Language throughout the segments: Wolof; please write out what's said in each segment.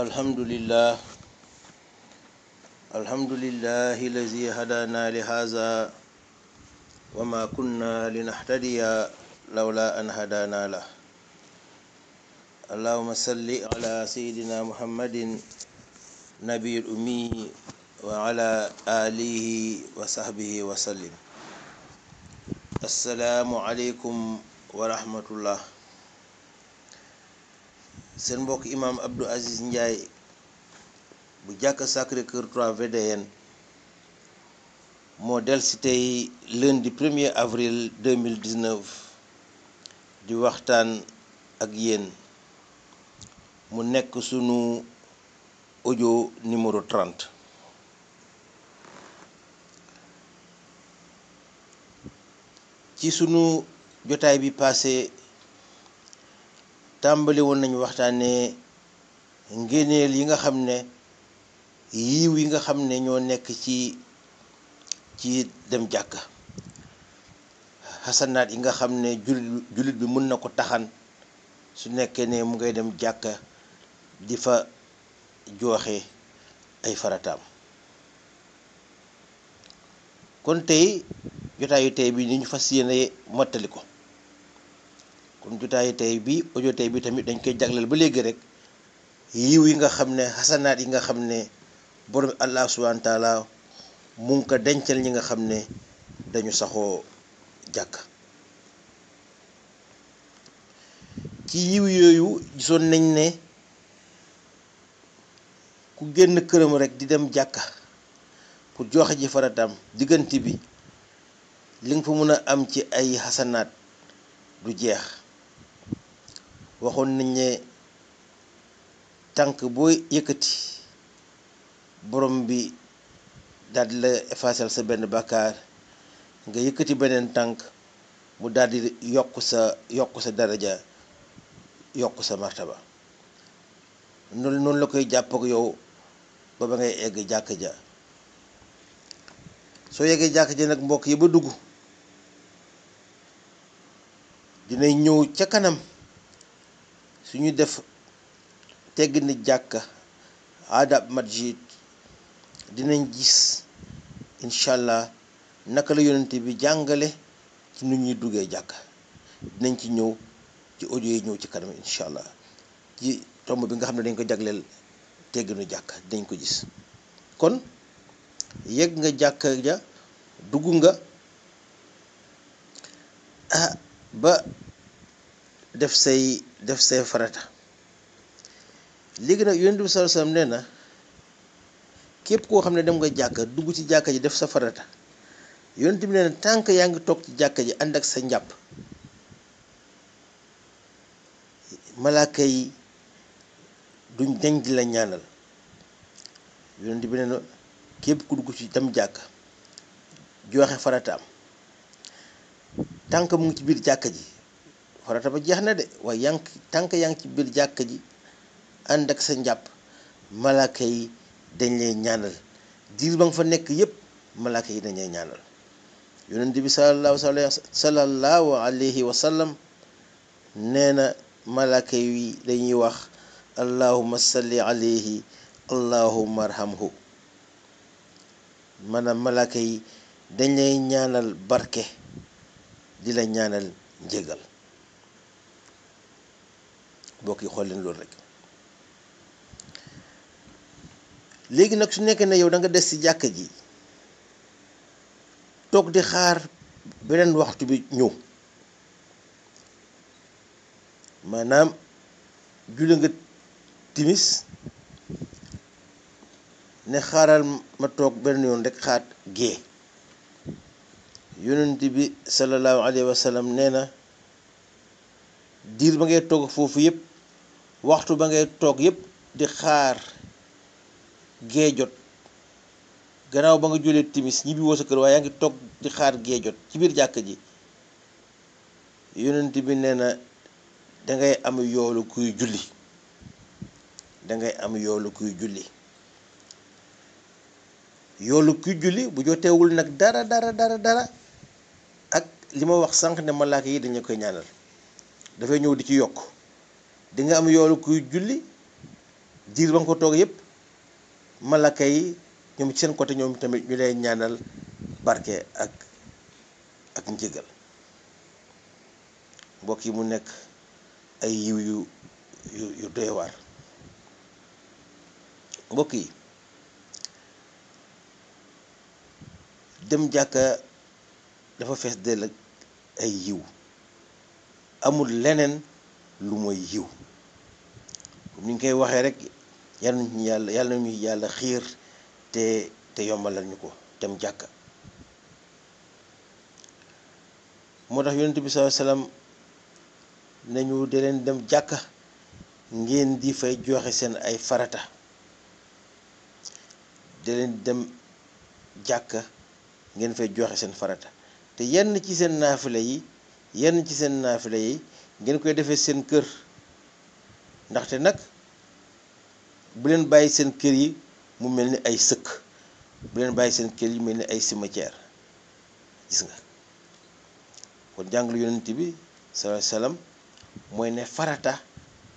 الحمد لله الحمد لله الذي هدانا لهذا وما كنا لنهتدي لولا أن هدانا له اللهم صل على سيدنا محمد نبي الأمي وعلى آله وصحبه وسلم السلام عليكم ورحمة الله seen mbokk imaam Abdou Aziz Ndiaye bu jàkka Sacré Cœur 3 VDN moo del si tey lundi 1 premier avril 2019 di waxtaan ak yéen mu nekk sunu ojo numéro 30 ci sunu jotaay bi passé tàmbali woon nañu waxtaanee ngéneel yi nga xam ne yiw yi nga xam ne ñoo nekk ci ci dem jàkka xasanaat yi nga xam ne jullit jullit bi mën na ko taxan su nekkee ne mu ngay dem jàkka di fa jooxe ay farataam kon tey jotaayu tey bi ni ñu fas yéene mottali ko kon jotaayu tey bi audio bi tamit dañ koy jagleel ba léegi rek yiw yi nga xam ne xasanaat yi nga xam ne borom allah subhanahu taala mu ngi ko dencal ñi nga xam ne dañu saxoo jàkk ci yiw yooyu gisoon nañ ne ku génn këram rekk di dem jàkk pour joxe ji faratam diggante bi li nga fa mën a am ci ay xasanaat du jeex waxoon nañ ne tànk booy yëkkati borom bi daldi la effacer sa benn bàkkaar nga yëkkati beneen tànk mu daldi yokk sa yokk sa daraja yokk sa martaba noonu noonu la koy jàpp yow ba ba ngay egg jàkk ja soo yeggee jàkk ja nag mbokk yi ba dugg dina ñëw ca kanam suñu def tegg ni jàkka adab masjid dinañ gis incha allah naka la yonent bi jàngale ci nu ñuy duggee jàkka dinañ ci ñëw ci audio yi ñëw ci kanam incha allah ci tomb bi nga xam ne dañ ko jagleel tegginu jàkka dinañ ko gis kon yegg nga jàkka ja dugg nga ah, ba def say def say farata léegi nag yonent bi sallallahu alayhi wasallam nee na képp koo xam ne dem nga jàkka dugg ci jàkka ji def sa farata yonent bi nee tànk yaa ngi toog ci jàkka ji ànd ak sa njàpp malaaka yi duñ dañ di la ñaanal yonent bi nee képp ku dugg ci dem jàkka joxe am tànk mu ngi ci biir jàkka ji farata ba jeex na de waaye yank tànk yang ci biir jàkk ji ànd ak sa njàpp malaaka yi dañ lay ñaanal diir ba nga fa nekk yépp malaaka yi dañ lay ñaanal yonent bi sallallahu sallallahu alayhi wa sallam nee na malaaka yi dañuy wax allahuma salli alayhi allahuma arhamhu maanaam malaaka yi dañ lay ñaanal barke di la ñaanal njégal bokk yi xool leen loolu rek léegi nag su nekkee ne yow danga des ci jàkka ji toog di xaar beneen waxtu bi ñëw maanaam julli nga timis ne xaaral ma toog benn yoon rekk xaat gée yonent bi sallallahu alayhi wa sallam nee na diir ba ngay toog foofu yépp waxtu ba ngay toog yépp di xaar gee jot gannaaw ba nga jullee timis ñibbi woo sa kër waaye yaa ngi toog di xaar gee jot ci biir jàkk ji yonent bi nee na dangay am yoolu kuy julli dangay am yoolu kuy julli yoolu kuy julli bu joteewul nag dara dara dara dara ak li ma wax sànq ne malaaka yi dañu koy ñaanal dafay ñëw di ci yokk dinga nga am yoolu kuy julli diir ba nga ko toog yépp malaka yi ñoom ci seen côté ñoom tamit ñu lay ñaanal barke ak ak njëgal mbokk yi mu nekk ay yiw yu yu yu doy mbokk yi dem jàkka dafa fees dell ak ay yiw amul leneen lu mooy yiw comme ngi koy waxee rek yan nañu yàlla yal yàlla xiir te te yombalal ko dem jàkka moo tax yonent bi nañu di leen dem jàkka ngeen di fay joxe seen ay farata di leen dem jàkka ngeen fay joxe seen farata te yenn ci seen naafila yi yenn ci seen naafila yi ngeen koy defee seen kër ndaxte nag buleen bàyyi seen kër yi mu mel ni ay sëkk bu leen bàyyi seen kër yi mel ni ay cimetière gis nga kon jàngal yonent bi sallallahu alayhi mooy ne farata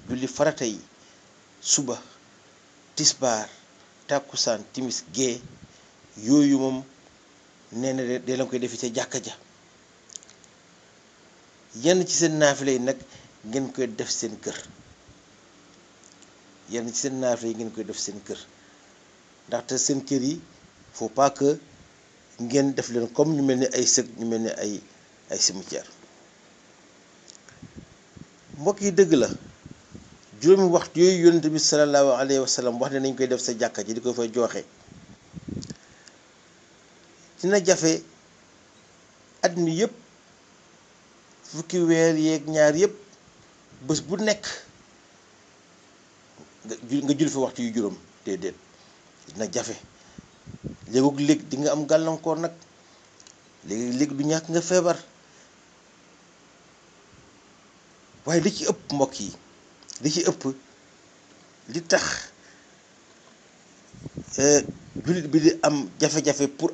julli farata yi suba tisbaar tàkkusaan timis gée yooyu moom nee na de la koy defe ca jàkka ja yenn ci seen naafile yi nag ngeen koy def seen kër yenn ci seen naafile yi ngeen koy def seen kër ndaxte seen kër yi faut pas ngeen def leen comme ñu mel ni ay sëg ñu mel ni ay ay cimetière mbokk yi dëgg la juróomi waxtu yooyu yonent bi salallaahu alayhi wa sallam wax ne nañ koy def sa jàkka ji di ko fay jooxe dina jafe at mi yëpp fukki weer yeeg ñaar yëpp bés bu nekk nga jul fi waxtu yu juróom déedéet dina jafe léegug léeg di nga am gàllankoor nag léegi léeg du ñàkk nga feebar waaye li ci ëpp mbokk yi li ci ëpp li tax e, jullit bi di am jafe-jafe pour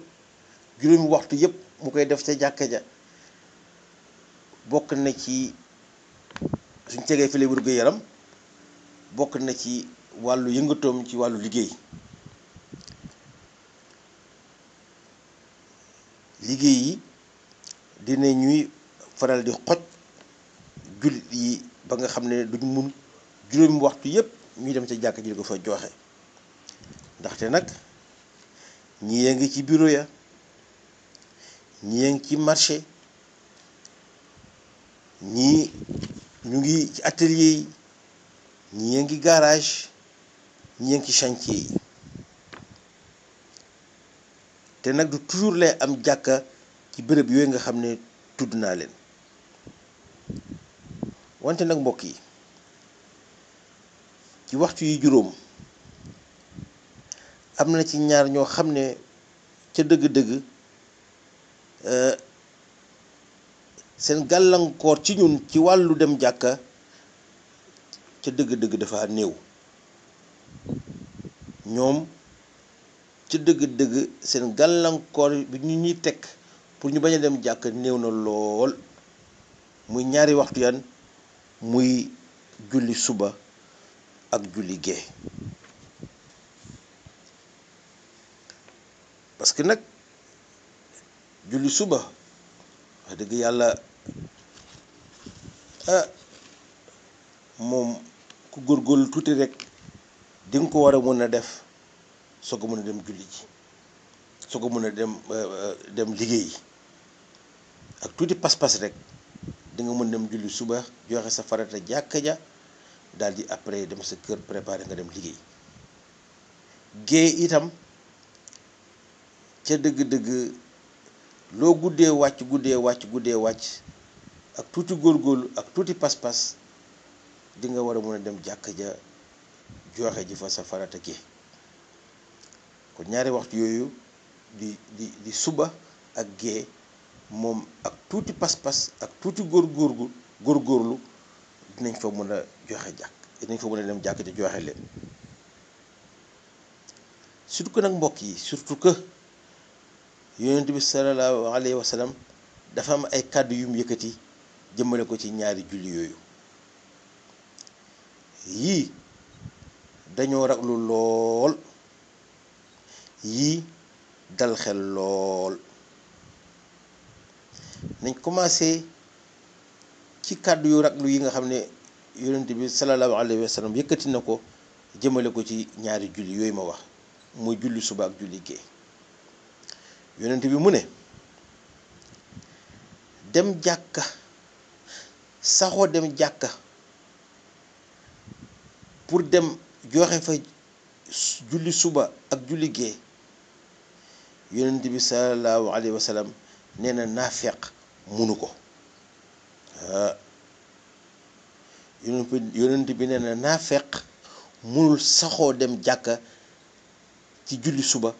juróomi waxtu yëpp mu koy def ca jàkka ja bokk na ci suñ tegee file wérgu yaram bokk na ci wàllu yëngatoom ci wàllu liggéey liggéey yi dina ñuy faral di xoj jullit yi ba nga xam ne duñ mun juróomi waxtu yépp ñuy dem ca jàkk ji di ko fa joxe ndaxte nag ñi yee ci bureau ya ñi yee ci marché ñii ñu ngi ci atelier yi ñii a ngi garage ñii a ngi chantier yi te nag du toujours lay am jàkka ci bërëb yooyu nga xam ne tudd naa leen wante nag mbokk yi ci waxtu yi juróom am na ci ñaar ñoo xam ne ca dëgg-dëgg euh, sen gàllankoor ci ñun ci walu dem jakka ci deug nyom dafa new ñom ci deug dëgg seen gàllankoor bi ñu ñi tek pour ñu baña dem jaka new na nyari muy ñaari waxtu yan muy julli suba ak julli ge parce que nak julli suba deug yalla Ah, moom ku góor góorlu tuuti rekk di nga ko war a mën a def soo ko mën a dem julli ji soo ko mën a dem eh, eh, dem liggéeyi ak tuuti pas-pas rek danga mën dem julli suba joxe sa farata jàkka ja daal di après dem sa kër préparé nga dem liggéey géey itam ca dëgg-dëgg. loo guddee wàcc guddee wàcc guddee wàcc ak tuuti góor góorgóorlu ak tuuti pas-pas di nga war a mën a dem jàkk ja joxe ji fa sa farata ki kon ñaari waxtu yooyu di di di suba ak gée moom ak tuuti pas-pas ak tuuti góor góor góorlu dinañ fa mën a joxe jàkk dinañ fa mën a dem jàkk ja joxe leen surtout que nag mbokk yi surtout que yonent bi sallallahu alayhi wa sallam dafa am ay kàddu yu mu yëkkati jëmmale ko ci ñaari julli yooyu yii dañoo raglu lool yii dal xel lool nañ commencé ci kàddu yu raglu yi nga xam ne yonent bi sallallahu alayhi wa sallam yëkkati na ko jëmale ko ci ñaari julli yooyu ma wax muy julli suba ak julli gée yonent bi mu ne dem jàkka saxoo dem jàkka pour dem joxe fa julli suba ak julli gee yonent bi sallallahu alayhi wa sallam nee na naafeq munu ko ah yonent bi nee na naafeq munul saxoo dem jàkka ci julli suba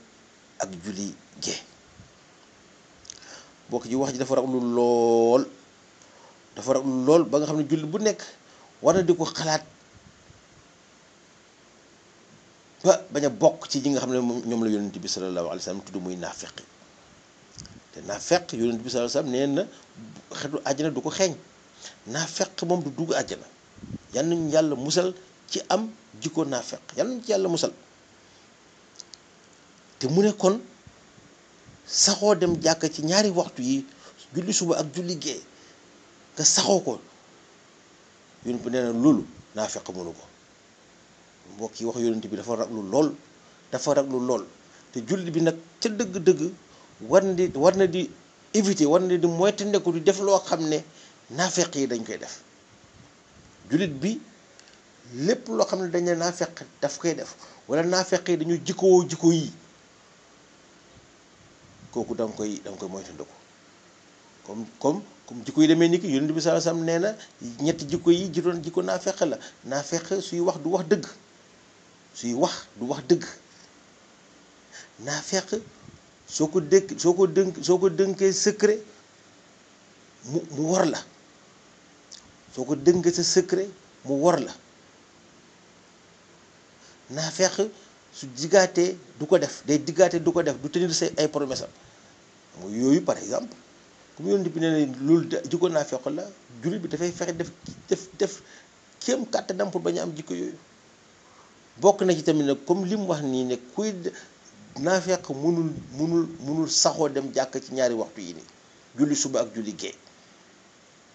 ak julli gee bokk ji wax ji dafa raglu lool dafa raglu lool ba nga xam ne julli bu nekk war na di ko xalaat ba bañ a bokk ci ñi nga xam ne ñoom la yonent bi sallallahu alayhi wa sallam tudd muy naafeq te naafeq yonent bi sallallahu alayhi nee na xetu àjjana du ko xeeñ naafeq moom du dugg àjjana na nañu yàlla musal ci am jikko naafeq yal nañu ci yàlla musal te mu ne kon saxoo dem jàkk ci ñaari waxtu yi julli suba ak julli gee nga saxoo ko yonent bi nee na loolu naafeq mënu ko mbokk yi wax yonent bi dafa raglu lool dafa raglu lool te julli bi nag ca dëgg-dëgg war na di war na di éviter war na di moytandiku di def loo xam ne naafeq yi dañ koy def jullit bi lépp loo xam ne dañ ne naafeq daf koy def walla naafeq yi dañu jikkoo jikko yi kooku da nga koy da nga koy moytandiku comme comme comme jikko yi demee ni ki yonent bi sallallahu alayhi wasallam nee na ñetti jikko yi juróon jikko naa feq la naa feq suy wax du wax dëgg suy wax du wax dëgg naa feq soo ko dëkk soo ko dënk soo ko dënkee secret mu mu wor la soo ko dënkee sa secret mu wor la naa feq su digaté du ko def day digaté du ko def du tenir ay promesse am yoyu par exemple comme yonent bi nee na loolu na fexol la jullit bi fay fexe def def def kéem dam pour baña am jikko yoyu bok na ci tamina comme lim wax ni ne kuy na fex munul munul munul saxo dem jak ci ñaari waxtu yi ni julli suba ak julli ge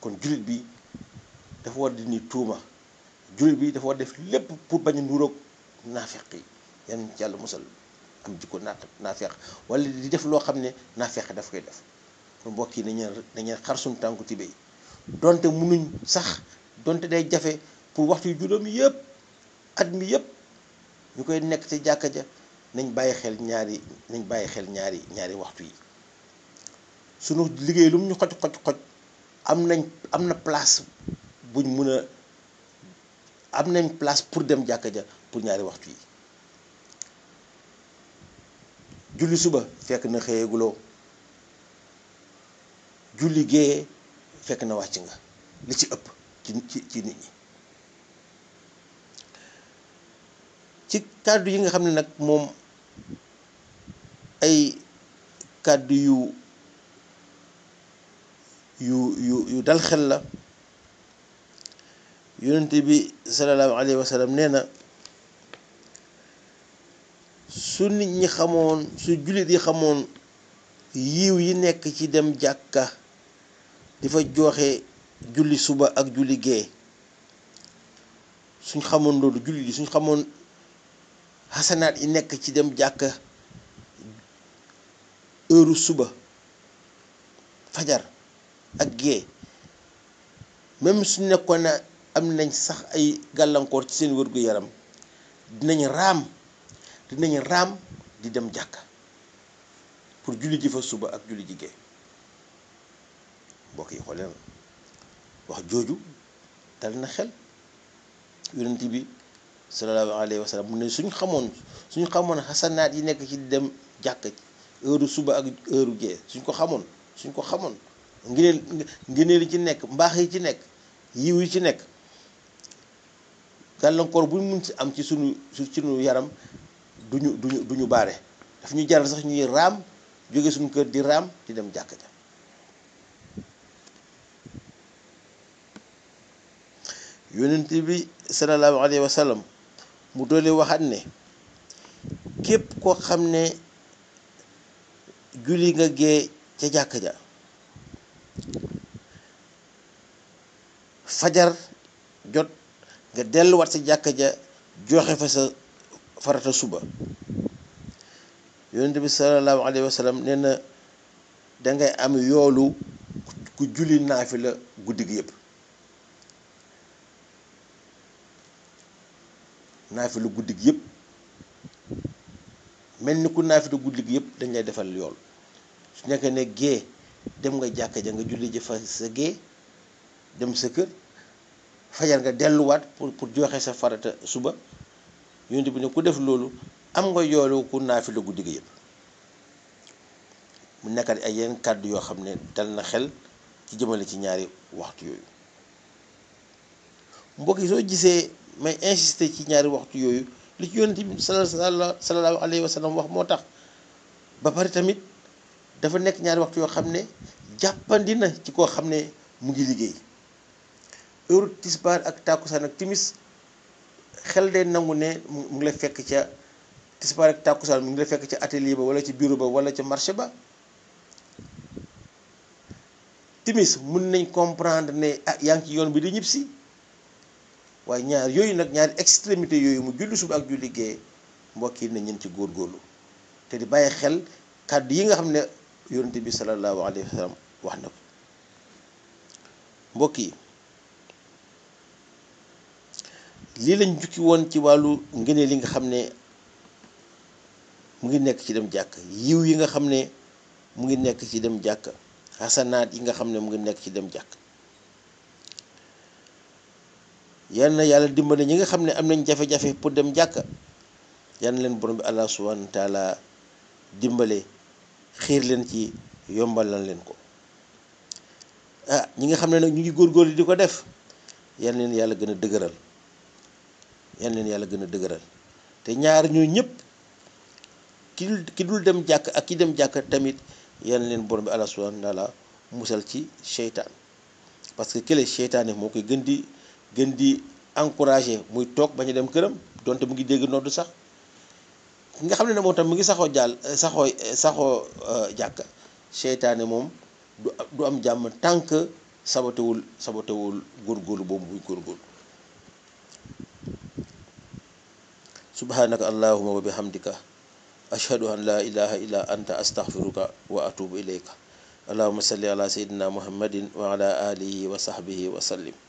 kon jullit bi fa war di ni touma jullit bi dafa war def lepp pour baña nduro nafiqi yan ci yalla musal am jikko naa naafeq wala di def lo xamne ne naafeq daf koy def kon mbokk yi nañu nañu xar suñu tànku tibéy donte munuñ sax donte day jafé pour waxtu yu yépp at mi yépp ñukoy nekk ci jakka ja nañ baye xel ñaari nañ baye xel ñaari ñaari waxtu yi sunu liggéey lum ñu xoj xoj xoj am nañ am na place buñ mëna am nañ place pour dem jakka ja pour ñaari waxtu yi julli suba fekk na xëyaguloo julli géeyee fekk na wàcc nga li ci ëpp ci ci ci nit ñi ci kàddu yi nga xam ne nag moom ay kàddu yu yu yu yu dal xel la yonente bi sallallahu alayhi wa sallam nee su nit ñi xamoon su jullit yi xamoon yiw yi nekk ci dem jàkka di fa joxe julli suba ak julli gee suñ xamoon loolu jullit yi suñ xamoon xasanaat yi nekk ci dem jàkka heure suba fajar ak gee même su nekkoon na am nañ sax ay gàllankoor ci seen wér-gu-yaram dinañ raam dinañ raam di dem jàkka pour julli ji fa suba ak julli ji gee mbokk yi xoolee na wax jooju dal na xel yonent bi sallallahu alayhi wa sallam mu ne suñ xamoon suñu xamoon xasanaat yi nekk ci dem jàkka ci heure suba ak heure gee suñ ko xamoon suñ ko xamoon ngëneel ngëneel yi ci nekk mbaax yi ci nekk yiw yi ci nekk gàllankoor buñ mun si am ci sunu ci sunu yaram duñu duñu du ñu bare daf ñu jaral sax ñuy raam jóge suñu kër di raam di dem jàkk ja yonent bi sallallahu alayhi wa sallam mu doole waxaat ne képp koo xam ne julli nga gee ca jàkk ja fajar jot nga delluwaat sa jàkk ja joxe fa sa farata suba yonent bi salallaahu alayhi wa sallam na dangay am yoolu ku julli naafila guddi gi yëpp naafilu guddi gi yëpp mel ni ku naafilu guddi gi yëpp dañ lay defal yool su nekkee ne gée dem nga jàkka ja nga julli jëfa sa gée dem sa kër fajar nga delluwaat pour pour joxe sa farata suba yonent bu ne ku def loolu am nga yoolu ku naafila guddi gi yëpp mu nekkat ay yenn kàddu yoo xam ne dal na xel ci jëmale ci ñaari waxtu yooyu mbokk yi soo gisee may insister ci ñaari waxtu yooyu li ci yonent bi sallallahu alayhi wa sallam wax moo tax ba pare tamit dafa nekk ñaari waxtu yoo xam ne jàppandi na ci koo xam ne mu ngi liggéey heure tisbaar ak tàkkusaan ak timis xel de nangu ne mu ngi la fekk ca tisbaar ak tàkkusaan mu ngi la fekk ca atelier ba wala ca bureau ba wala ca marché ba timis mun nañ comprendre ne ah yaa ngi ci yoon bi di ñibbisi waaye ñaar yooyu nag ñaari extremité yooyu mu julli suba ak julli gee mbokk yi nañ ñeen ci góor góorlu te di bàyyi xel kàddu yi nga xam ne yonent bi sallallahu alayhi wa wax na ko mbokk yi lii lañ jukki woon ci wàllu ngëneel li nga xam ne mu ngi nekk ci dem jàkk yiw yi nga xam ne mu ngi nekk ci dem jàkk xasanaat yi nga xam ne mu ngi nekk ci dem jàkk yal yàlla dimbale ñi nga xam ne am nañ jafe-jafe pour dem jàkk yal leen borom bi allah subhanahu dimbale xiir leen ci yombal yombalal leen ko ah ñi nga xam ne nag ñu ngi góor góor góorgóorlu di ko def yal leen yàlla gën a dëgëral yal leen yàlla gën a dëgëral te ñaar ñu ñëpp ki ki dul dem jàkk ak ki dem jàkk tamit yal leen borom bi àlla subhanahu taala musal ci seytaan parce que kële seytaane moo koy gën di gën di encouragé muy toog bañ a dem këram donte mu ngi dégg noddu sax ki nga xam ne moom tam mu ngi saxoo jàll saxoo saxoo euh, jàkk seytaane moom du am jàmm tant que sabatewul góor góorgóorlu boobu muy góorgóorlu سبحانك اللهم وبحمدك أشهد أن لا إله إلا أنت أستغفرك وأتوب إليك اللهم صل على سيدنا محمد وعلى آله وصحبه وسلم